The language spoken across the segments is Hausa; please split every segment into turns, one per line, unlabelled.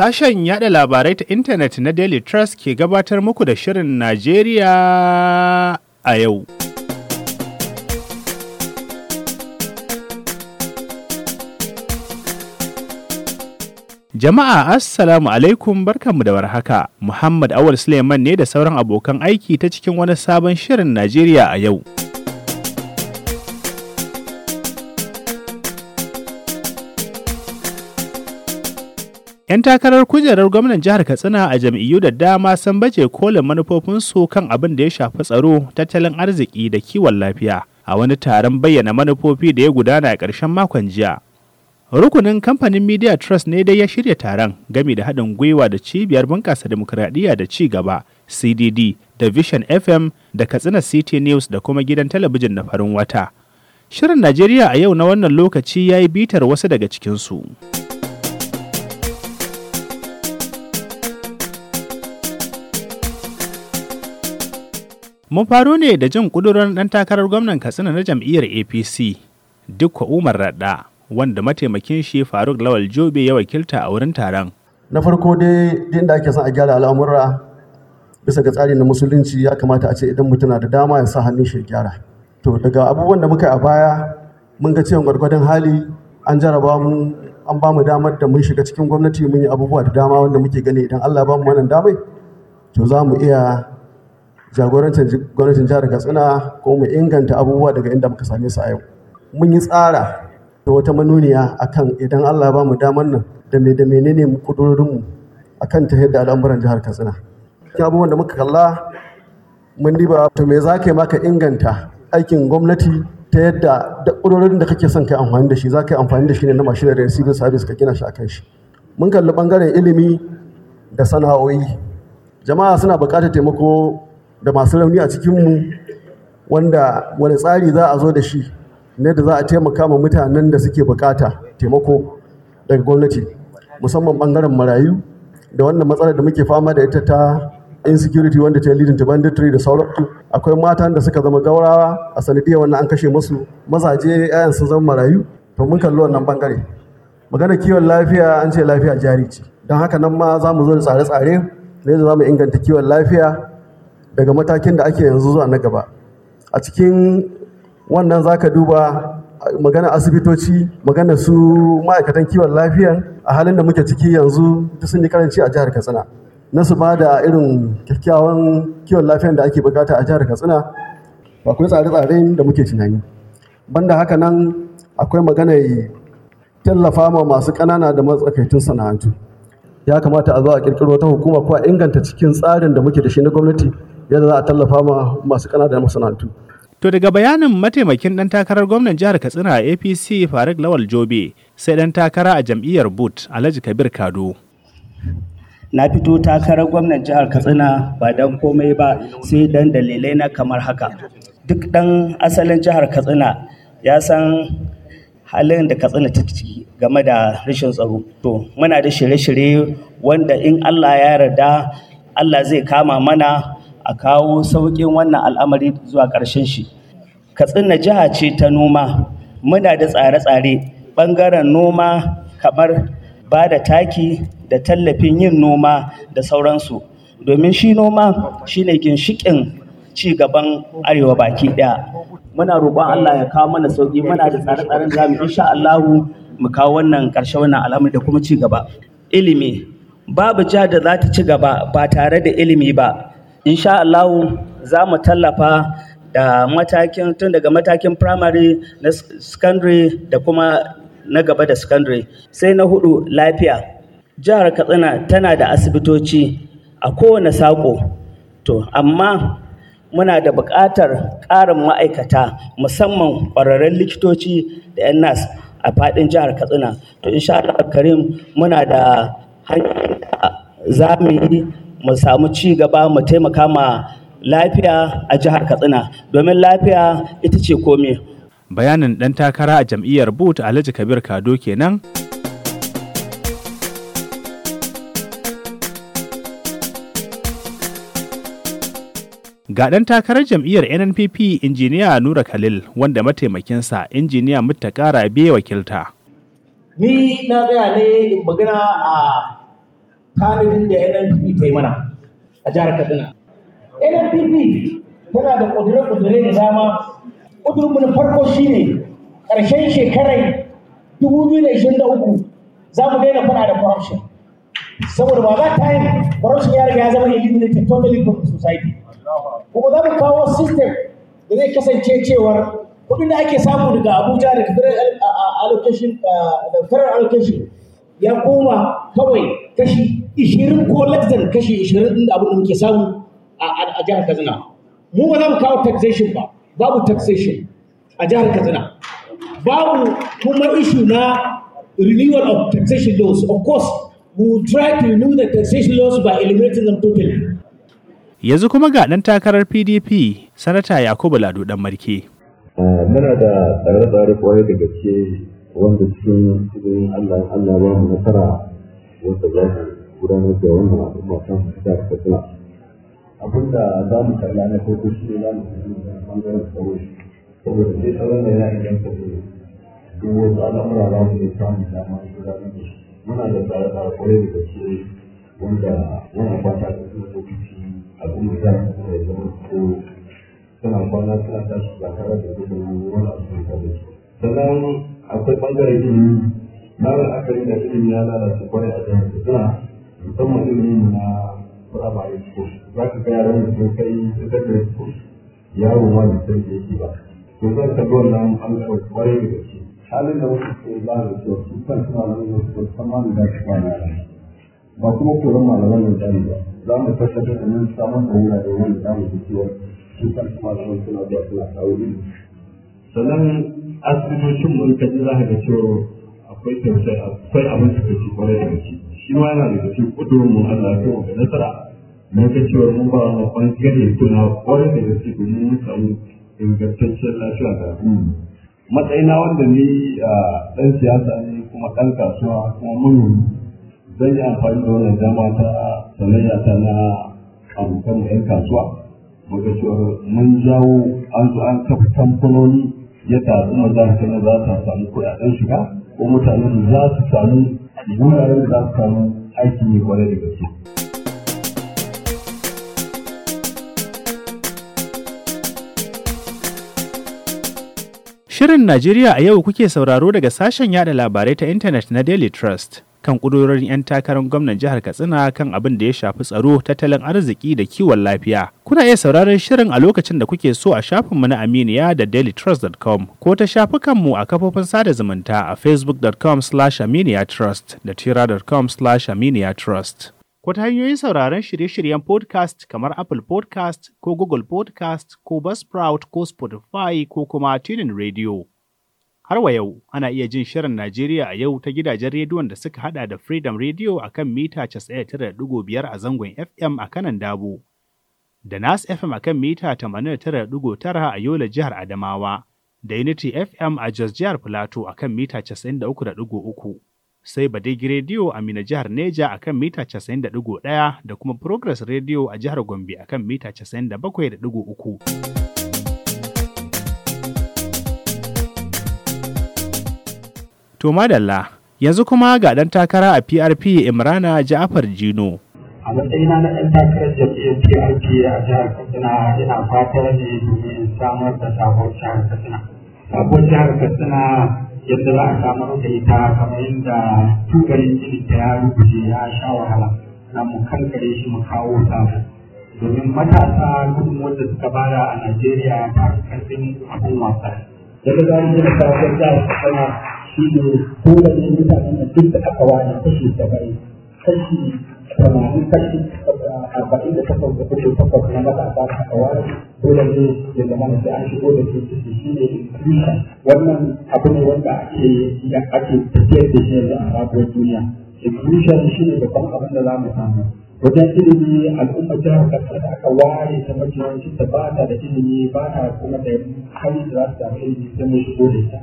Sashen yada labarai ta intanet na Daily Trust ke gabatar muku da Shirin Najeriya a yau. Jama'a Assalamu alaikum barkanmu da warhaka. Muhammad Awal Suleiman ne da sauran abokan aiki ta cikin wani sabon Shirin Najeriya a yau. 'Yan takarar kujerar gwamnan jihar Katsina a jam'iyyu da dama sun baje kolin manufofinsu kan abin da ya shafi tsaro, tattalin arziki da kiwon lafiya a wani taron bayyana manufofi da ya gudana a ƙarshen makon jiya. Rukunin kamfanin Media Trust ne dai ya shirya taron gami da haɗin gwiwa da cibiyar bunƙasa dimokuraɗiyya da ci gaba CDD da Vision FM da Katsina City News da kuma gidan talabijin na farin wata. Shirin Najeriya a yau na wannan lokaci ya yi bitar wasu daga cikinsu. Mun faru ne da jin ƙudurin ɗan takarar gwamnan Katsina na jam'iyyar APC, wa Umar Radda, wanda mataimakin shi Faruk Lawal Jobe ya wakilta a wurin taron.
Na farko dai din da ake son a gyara al'amura bisa ga tsari na musulunci ya kamata a ce idan mutum na da dama ya sa hannun shi ya gyara. To daga abubuwan da muka yi a baya mun ga cewa gwargwadon hali an jaraba mu an ba mu damar da mun shiga cikin gwamnati mun yi abubuwa da dama wanda muke gani idan Allah ba mu wannan damai to za mu iya jagorancin gwamnatin jihar katsina ko mu inganta abubuwa daga inda muka same su a yau mun yi tsara da wata manuniya akan idan allah ba mu damar nan da me da menene kudurorinmu akan ta yadda al'amuran jihar katsina cikin abubuwan da muka kalla mun diba to me za ka yi maka inganta aikin gwamnati ta yadda da kudurorin da kake son kai amfani da shi za ka yi amfani da shi ne na mashinar da civil service ka gina shi akan shi mun kalli bangaren ilimi da sana'o'i jama'a suna bukatar taimako da masu launi a cikinmu wanda wani tsari za a zo da shi ne da za a taimaka ma mutanen da suke bukata taimako daga gwamnati musamman bangaren marayu da wannan matsalar da muke fama da ita ta insecurity wanda ta leading to banditry da sauransu akwai matan da suka zama gaurawa a sanadiyar wannan an kashe musu mazaje yayan su zama marayu to mun kalli wannan bangare magana kiwon lafiya an ce lafiya jari ce don haka nan ma za mu zo da tsare-tsare ne da za mu inganta kiwon lafiya daga matakin da ake yanzu zuwa na gaba a cikin wannan zaka duba magana asibitoci magana su ma'aikatan kiwon lafiya a halin da muke ciki yanzu ta sun yi karanci a jihar katsina na su ba da irin kyakkyawan kiwon lafiyan da ake bukata a jihar katsina akwai tsare-tsare da muke tunani banda haka nan akwai magana tallafa ma masu ƙanana da matsakaitun sana'antu ya kamata a zo a kirkiro ta hukuma ko a inganta cikin tsarin da muke da shi na gwamnati yadda za a tallafa ma masu ƙananan masana'antu.
To daga bayanin mataimakin ɗan takarar gwamnan jihar Katsina a APC Faruk Lawal Jobe sai ɗan takara a jam'iyyar Boot Alhaji Kabir
Kado. Na fito takarar gwamnan jihar Katsina ba don komai ba sai don dalilai na kamar haka. Duk ɗan asalin jihar Katsina ya san halin da Katsina ta ciki game da rashin tsaro. To muna da shirye-shirye wanda in Allah ya yarda Allah zai kama mana a kawo sauƙin wannan al'amari zuwa ƙarshen shi. Katsina jiha ce ta noma. Muna da tsare-tsare ɓangaren noma kamar ba da taki da tallafin yin noma da sauransu. Domin shi noma shine ginshiƙin ci gaban arewa baki ɗaya. Muna roƙon Allah ya kawo mana sauƙi muna da tsare-tsaren zamu insha Allahu mu kawo wannan ƙarshe wannan al'amari da kuma ci gaba. Ilimi babu jihar da za ta ci gaba ba tare da ilimi ba insha Allah za mu tallafa da matakin tun daga matakin primary na secondary da kuma na gaba da secondary. Sai na hudu lafiya. Jihar Katsina tana da asibitoci a kowane saƙo. To amma muna da buƙatar ƙarin ma'aikata musamman ƙwararren likitoci da 'yan nas a faɗin jihar Katsina. To insha Allah Karim muna da hanyar za mu yi mu samu ci gaba mu taimaka ma lafiya a jihar katsina domin lafiya ita ce komai bayanin ɗan takara a jam'iyyar boot alhaji kabir kado kenan
Ga ɗan takarar jam'iyyar NNPP injiniya Nura Khalil wanda mataimakinsa injiniya mutakara Kara wakilta.
Ni na gaya ne magana a tanadin da NNPP ta yi mana a jihar Kaduna. NNPP tana da ƙudure-ƙudure da dama. Ƙudurinmu na farko shi ne ƙarshen shekarar 2023 za mu daina fara da corruption. Saboda ba za ta yi corruption ya riga ya zama eliminated totally from society.
Kuma za mu kawo system
da zai kasance cewar kuɗin da ake samu daga Abuja da federal allocation ya koma kawai kashi ishirin ko lakzan kashi ishirin inda abin da muke samu a jihar Katsina. Mu ba za mu kawo taxation ba, babu taxation a jihar Katsina. Babu kuma issue na renewal of taxation laws. Of course, we will try to renew the taxation laws by eliminating them totally.
Yanzu kuma ga ɗan takarar PDP, Sanata Yakubu Lado ɗan Marke.
Ah, muna da tsare-tsare kwarai da gaske wanda cikin cikin Allah ya ba mu nasara wanda za su gudanar da wannan al'umma ta da ta tsala abin da za mu kalla na farko shi ne za mu kalla bangaren tsaro saboda sai tsaron da yana idan ka zo duk wasu al'amura za mu iya samun dama su da shi muna da tsare-tsare kwarai da gaske wanda muna fata da kuma lokaci al'umma za su kuma zama ko suna kwana suna tashi ba tare da wani abu da su sannan akwai bangaren ilimi na la'akari da ilimi ya lalace kwarai a jihar Katsina musamman ilimi na firamare school za ka ga yaran da sun kai secondary school yaro ma da sun da yake ba to zan ka ga wannan ɓangaren kwarai da gaske halin da wasu ke ba da kyau sun san suna nan da su san ma da su ba na ba kuma koran malaman da jari ba za mu tabbatar da mun samun da da wani za mu ji cewa sun san wasu na zuwa suna kawo ilimi sannan asibitocin mun kaji za ka ga cewa akwai tausayi akwai abin da kake kwarai da gaske shi ma yana daga cikin kudurin mu Allah ya kuma nasara mun ga cewa mun ba wa bangare kuna kwarai da gaske domin mun samu ingantaccen lafiya da matsayina wanda ni dan siyasa ne kuma dan kasuwa kuma manomi zan yi amfani da wannan dama ta sanayya ta na abokan mu 'yan kasuwa muka cewa mun jawo an zo an kafa kamfanoni ya taru maza ta za ta samu kuɗaɗen shiga ko mutanen da za su samu wuraren da za su samu aiki mai kwarai da gaske.
Shirin Najeriya a yau kuke sauraro daga sashen yada labarai ta intanet na Daily Trust. kan ƙudurorin 'yan takarar gwamnan jihar Katsina kan abin da ya shafi tsaro, tattalin arziki da kiwon lafiya. Kuna iya sauraron shirin a lokacin da kuke so a shafinmu na Aminiya da dailytrust.com ko ta shafi kanmu a kafofin sada zumunta a facebook.com aminiyatrust da tira.com aminiyatrust. Ko ta hanyoyin sauraron shirye-shiryen podcast kamar Apple podcast ko Google podcast ko Buzzsprout ko Spotify ko kuma Tuning Radio. Har wa yau, ana iya jin shirin Najeriya a yau ta gidajen rediyon da suka hada da Freedom Radio a kan mita 99.5 a zangon FM a kanan Dabo, da Nas FM a kan mita 89.9 a Yola jihar Adamawa, da Unity FM a Jos jihar Filato a kan mita 93.3. Sai Badegi Radio a Mina jihar Neja a kan mita 91 da kuma Progress Radio a jihar Gombe a kan mita 97.3. To madalla, yanzu kuma ga ɗan takara a PRP Imrana Ja'afar Jino.
A matsayina na ɗan takarar jam'iyyar PRP a jihar Katsina yana fatar ne domin samar da sabuwar jihar Katsina. Sabuwar jihar Katsina yadda za a samar da ita kamar yadda tubalin cikin ta ya rubuce ya sha wahala. Na mu kankare shi mu kawo sabo Domin matasa gudun wanda suka bada a Najeriya ta karfin abin wasa. Yadda za a yi sabon jihar Katsina shi ne dole ne da duk da aka wani kashi saba'in kashi tamanin kashi arba'in da takwas da kashi takwas na matasa aka wani dole ne ya zama da an shigo da su shi ne inclusion wannan abu ne wanda ake ake tafiyar da shi yanzu a rabuwar duniya inclusion shi ne babban abin da za mu samu wajen ilimi al'umma jihar kasar da aka ware ta mafi yawancin da ba ta da ilimi ba ta kuma da hanyar da za su samu ilimi sai shigo da ita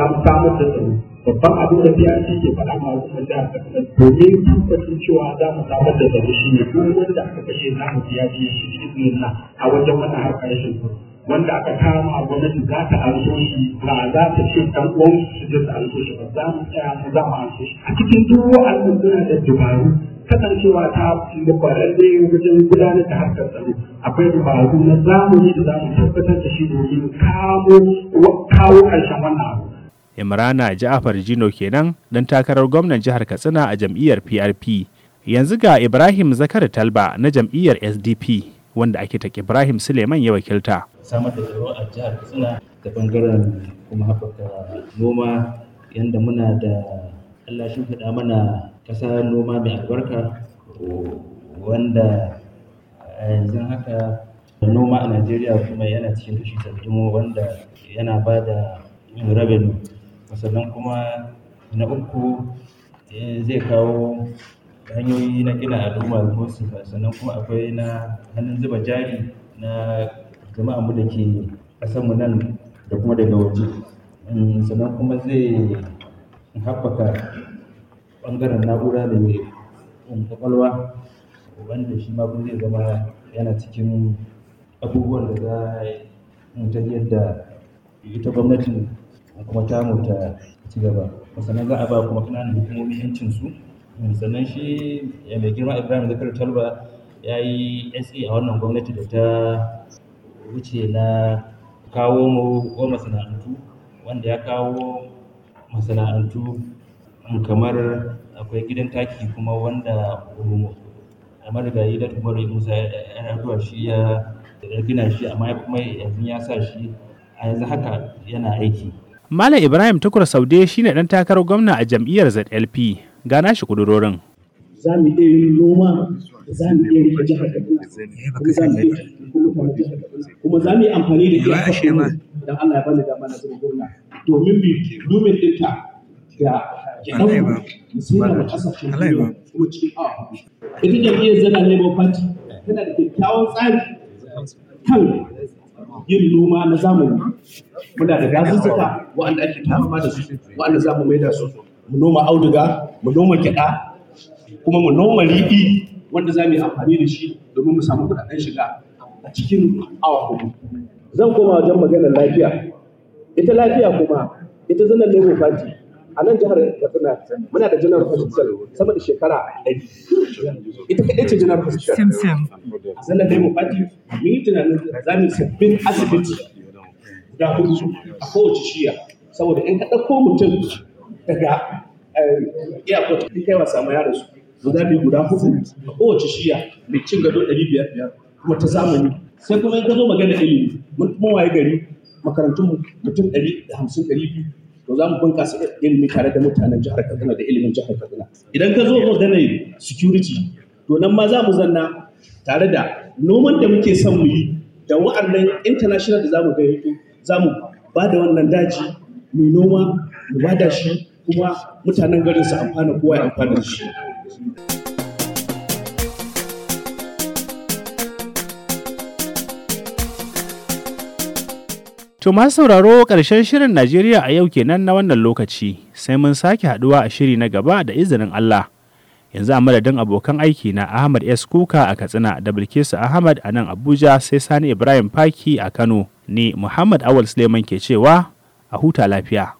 don samar da tsaro babban abin da PRC ke faɗa ma da jihar Katsina domin tabbacin cewa za mu samar da tsaro shi ne duk wanda aka kashe za mu biya shi shi ne na a wajen wannan harkar rashin tsaro wanda aka kama a gwamnati za ta amso shi ba za ta ce ɗan uwan su je ta amso shi ba za mu tsaya mu za mu amso shi a cikin duk wa'annan suna da dabaru kasancewa ta da kwararre wajen gudanar da harkar tsaro akwai dabaru na zamani da za mu tabbatar da shi domin kawo kawo ƙarshen wannan abu
imrana ja'afar jino kenan dan takarar gwamnan jihar katsina a jam'iyyar prp yanzu ga ibrahim zakar talba na jam'iyyar sdp wanda ake take ibrahim suleiman ya wakilta
samar da tsaro a jihar katsina da bangaren kuma haɓaka noma yadda muna da allah shi faɗa mana ƙasa noma mai albarka wanda yanzu haka noma a najeriya kuma yana cikin kashi saba'in wanda yana ba da rabin sannan kuma na uku eh, zai kawo hanyoyi na gina al'umma ko su sannan kuma akwai na hannun zuba jari na jama'a mu da ke mu nan da kuma daga waje mm, sannan kuma zai haɓaka ɓangaren na'ura da mai ƙwaƙwalwa wanda shi ma kuma zai zama yana cikin abubuwan da za a yi mm, ta yadda ita gwamnatin kuma mu ta ci gaba sannan za a ba kuma ƙananan hukumomi yancin su sannan shi eh, mai girma ibrahim zakar talba ya yi se a wannan gwamnati da ta wuce na kawo mu masana'antu wanda ya kawo masana'antu kamar akwai gidan taki kuma wanda marigayi da tumar musa ya rabuwa shi ya gina shi amma kuma yanzu ya sa shi a yanzu haka yana aiki
Malam Ibrahim Tukur Saude shine dan takarar gwamna a jam'iyyar ZLP. Gana shi kudurorin.
Za mu iya yin noma, za mu iya rike jihar Kaduna, kuma za mu iya kuma za mu yi amfani da iyakar dan Allah ya bani dama na zuwa gwamna domin bi lumin dinta da gidan musamman sai da kasashen duniya kuma cikin awa Ita jam'iyyar Zana Labour Party tana da kyakkyawan tsari kan yin noma na zamani muna da dazuzzuka wa'anda ake tafama da su wa'anda za mu maida su mu noma auduga mu noma gyaɗa kuma mu noma riɗi wanda za mu yi amfani da shi domin mu samu kuɗaɗen shiga a cikin awa kuma zan koma wajen maganar lafiya ita lafiya kuma ita zanen lebo fati. a nan jihar katsina muna da janar hospital sama da shekara ɗari ita kaɗai ce janar hospital sannan dai mu faɗi mun yi tunanin za mu sabbin asibiti da hudu a kowace shiya saboda in ka ɗauko mutum daga eh, airport in kai wasa ma yaro su mu yi guda hudu a kowace shiya mai cin gado ɗari biyar biyar kuma ta zamani sai kuma in ka zo magana ilimi mun kuma waye gari makarantunmu mutum ɗari da hamsin ɗari biyu to za mu bunkasa ilimi tare da mutanen jihar Katsina da ilimin jihar Katsina idan ka zo maganar security to nan ma za mu zanna tare da noman da muke son mu yi da wa'annan international da za mu gayyato za mu ba da wannan daji mu noma mu ba da shi kuma mutanen garin su amfana kowa ya amfana da shi.
To masu sauraro ƙarshen shirin Najeriya a yau kenan na wannan lokaci sai mun sake haduwa a shiri na gaba da izinin Allah. Yanzu a madadin abokan aiki na Ahmad S. Kuka a Katsina da Bilkisu Ahmad a nan Abuja sai Sani Ibrahim Faki a Kano ni Muhammad Awal Suleiman ke cewa a huta lafiya.